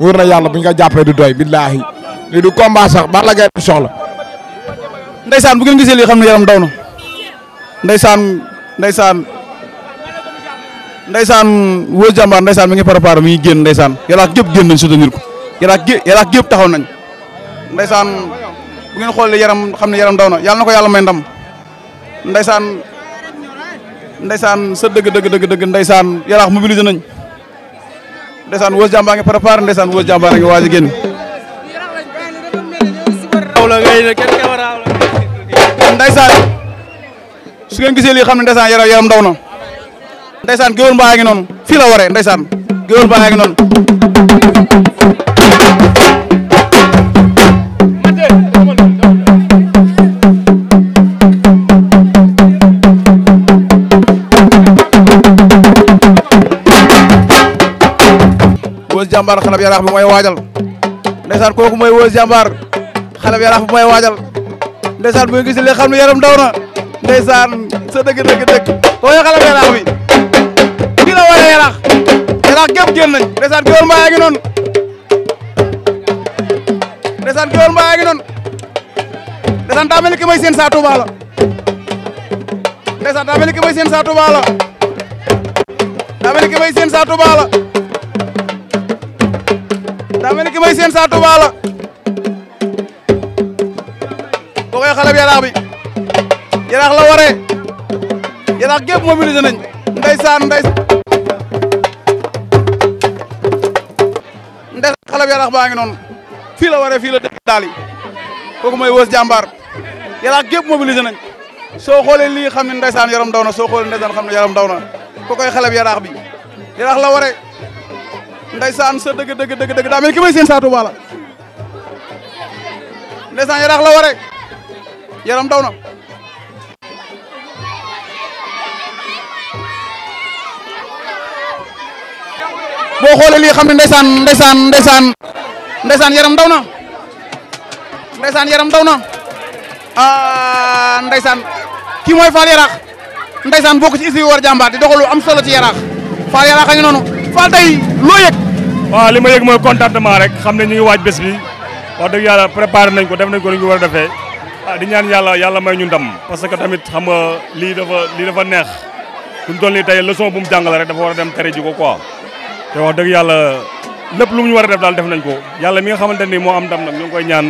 wóor na yàlla bu ñu ko jàppee du doy billaahi lii du combat sax Balla Gaye du soxla. Ndeysaan bu ngeen gisee lii xam ne yaram daw na Ndeysaan Ndeysaan Ndeysaan wóor jàmbaar Ndeysaan mi ngi préparé mi ngi génn Ndeysaan yaraax gépp génn nañ soutenir ko yaraax gé gépp taxaw nañ Ndeysaan bu ngeen xoolee yaram xam ne yaram daw na yàlla na ko yàlla may ndam Ndeysaan Ndeysaan sa dëgg dëgg dëgg dëgg Ndeysaan yaraax mobilisé nañ. ndeysaan Weuz Diambar a ngi préparé ndeysaan Weuz Diambar a ngi waaj a génn su ngeen gisee lii xam ne ndeysaan yaram yaram ndaw na ndeysaan géwél mbaa ngi noonu fii la waree ndeysaan géwél mbaa ngi noonu jàmbaar xalab yaraax bi mooy waajal ndeysaan kooku mooy wëes jàmbaar xalab yaraax bi mooy waajal ndeysaan bu ñu xam ne yaram daw na ndeysaan sa dëgg dëgg dëgg kooy xalab yaraax bi ki la yaraax yaraax gépp génn nañ ndeysaan géwél mbaa mbaa yaa ngi noonu ndeysaan daa mel may seen saa Tuuba la ndeysaan daa mel ni may seen saa Tuuba ki may seen saa Touba la boo bi yaraax bi yaraax la waree yaraax gépp mobilisé nañ ndeysaan ndey ndes xale bi yaraax baa ngi noonu fii la waree fii la dëkk daal yi kooku mooy wës jàmbaar yaraax gépp mobilisé nañ soo xoolee lii xam ne saan yaram ndaw na soo xoolee ndeysaan xam na yaram daw na koo koy xale bi yaraax bi yaraax la waree ndaysan sa deug deug deug deug daa mel ki may seen saatu bala ndeysaan la waré yaram dawna bo xolé li xamni ndaysan ndaysan ndaysan ndaysan yaram dawna ndaysan yaram dawna ah ndaysan ki moy fal yarax ndaysan bokku ci isi war jàmbaar di doxalu am solo ci yarax fal yarax ak Fall tey loo yëg. waaw li ma yëg mooy contentement rek xam ne ñu ngi waaj bés bi wax dëgg yàlla préparé nañ ko def nañ ko li ñu war a di ñaan yàlla yàlla may ñu ndam. parce que tamit xam nga lii dafa lii dafa neex bu ñu toll nii tey leçon bu mu jàngale rek dafa war a dem tere ji ko quoi te wax dëgg yàlla lépp lu mu ñu def daal def nañ ko yàlla mi nga xamante ni am ndam nag ñu ngi koy ñaan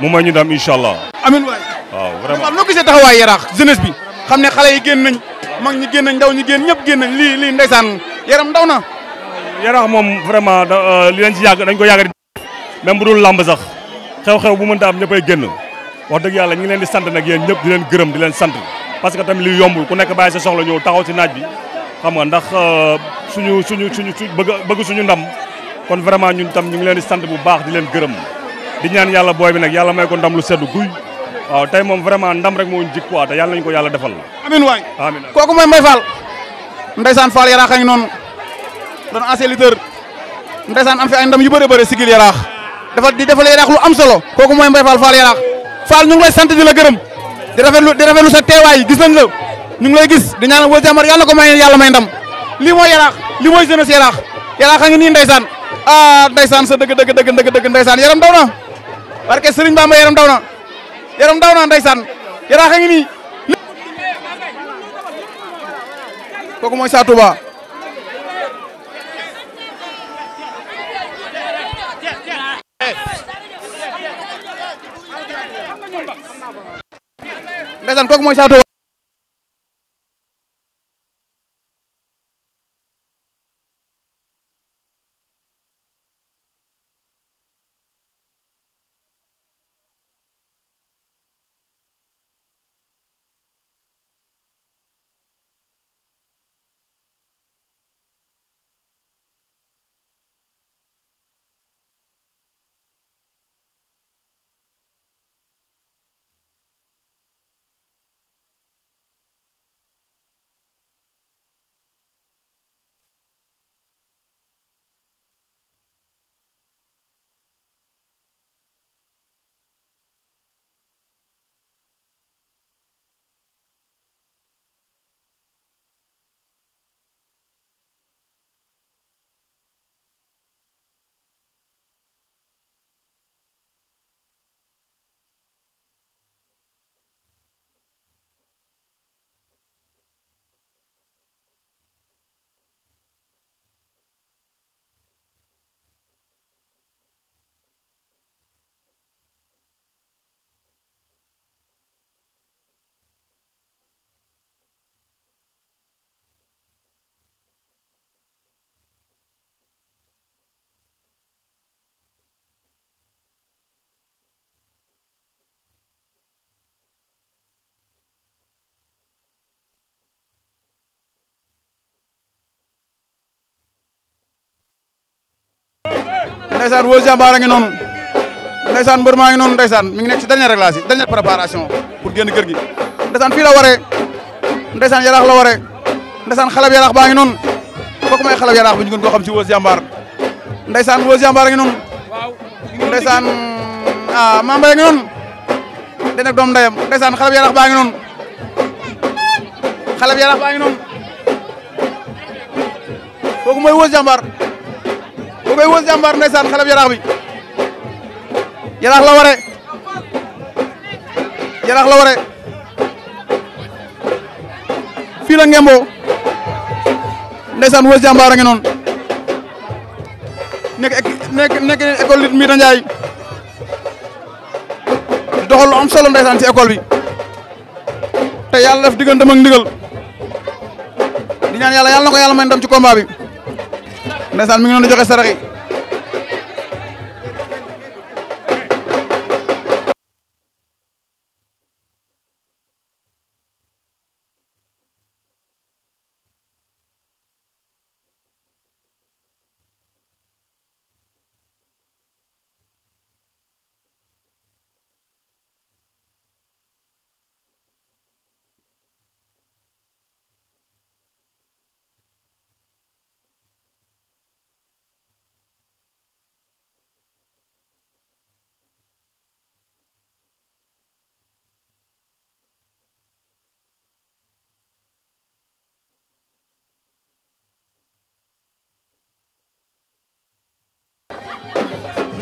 mu may ñu ndam incha allah. amiin waay waaw vraiment waaw noo gisee taxawaay yaraax jeunesse bi xam ne xale yi génn nañ mag ñi génn nañ ndaw ñi génn ñëpp génn nañ lii yaram ndaw na yarax mom vraiment euh, li len ci yag dañ ko yàgg même bu dul làmb sax xew-xew bu meunta am ñëppay genn wax deug yalla ñi ngi di sante nak yeen ñëpp di len gërëm di len sante parce que tam li yombul ku nekk bàyyi sa soxla ñew taxaw ci naaj bi xam nga ndax euh, suñu suñu suñu bëgg suñu ndam kon vraiment ñun tam ñi ngi len di sante bu baax di len gërëm di ñaan yalla boy bi nak yalla may ko ndam lu seddu guuy waaw tay mom vraiment ndam rek mo ñu jikko ta yalla ñu ko yalla defal amin way amin koku moy may fal ndaysan fal yarax ak a don ancien leader ndessane am fi ay ndam yu bëri bëri sigil yarax dafa di defal yarax lu am solo koku moy mbay fal fal yarax fal ñu ngi lay sant di la gërëm di rafetlu di rafetlu sa teewaay gis nañ la ñu ngi lay gis di ñaanal wol jamar yalla ko may yalla may ndam li moy yarax li moy jeunes yarax yarax nga ni nii ah ndeysaan sa deug deug deug deug deug ndeysaan yaram dawna na barke Sëriñ Bamba yaram dawna yaram dawna na yarax nga ni ngi moy Sa Touba ndeysaan kooku mooy Sa Touba ndeysaan Wëz Jàmbaar a ngi noonu ndeysaan mbër maa ngi noonu ndeysaan mi ngi nekk ci dernier réglage yi dernière préparation pour génn kër gi ndeysaan fii la waree ndeysaan yaraax la waree ndeysaan xalab yaraax baa ngi noonu kooku may xalab yaraax ñu gën koo xam ci Wëz Jàmbaar ndeysaan Wëz Jàmbaar a ngi noonu ndeysaan ah a ngi noonu den ak doom ndeyam ndeysaan xalab yaraax baa ngi noonu xalab yaraax Bébé Weuz jàmbaar ndeysaan xelab yaraax bi yaraax la ware yaraax la ware fii la ngembo ndeysaan Weuz jàmbaar a ngi nekk nekk nekk école Njaay di doxal am solo ndeysaan ci école bi te yàlla def diggantam ak ndigal di ñaan yàlla yàlla na ko yàlla may ndam ci combat bi ndeysaan mi ngi noonu joxe sarax yi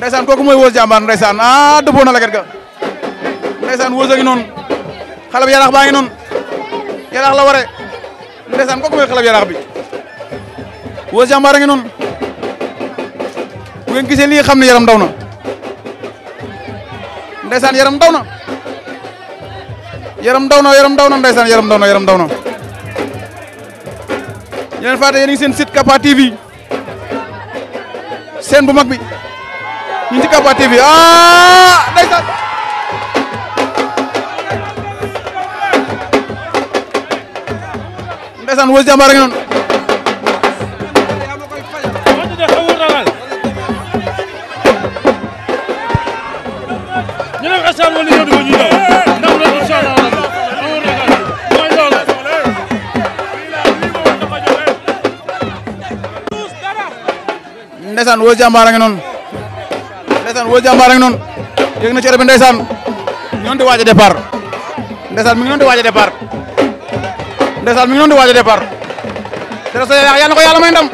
ndeysaan kooku mooy Weuz Diambar ndeysaan ah dëppoo na leket ga ndeysaan Weuz a ngi noonu xale bi yaraax baa yaraax la ware ndeysaan kooku mooy xale bi yaraax bi Weuz Diambar a ngi noonu bu ngeen gisee lii xam ne yaram ndaw na ndeysaan yaram daw na yaram daw na yaram ndaw na ndeysaan yaram daw na yaram daw na yeneen fàtte yéen a ngi seen site Capa TV seen bu mag bi ñu ngi ci Capa TV ah ndeysaan ndeysaan Weuz Diambar a ngi noonu ñu dem stade wala ñëw dugg ñu ñëw ndam la incha allah mooy loolu ndeysaan Weuz Diambar a ngi noonu ndeysaan woo jàmbaar ak noonu yëg na ci bi ndeysaan mi ngi doon di waaj a départ ndeysaan mi ngi doon di waaj a départ ndeysaan mi a may ndam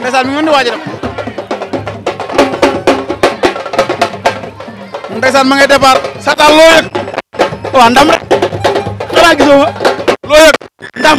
ndeysaan mi ngi doon di waaj a dem ndeysaan ma ngay départ satal ndam rek xanaa gisoo ma ndam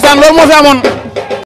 Pues, San loolu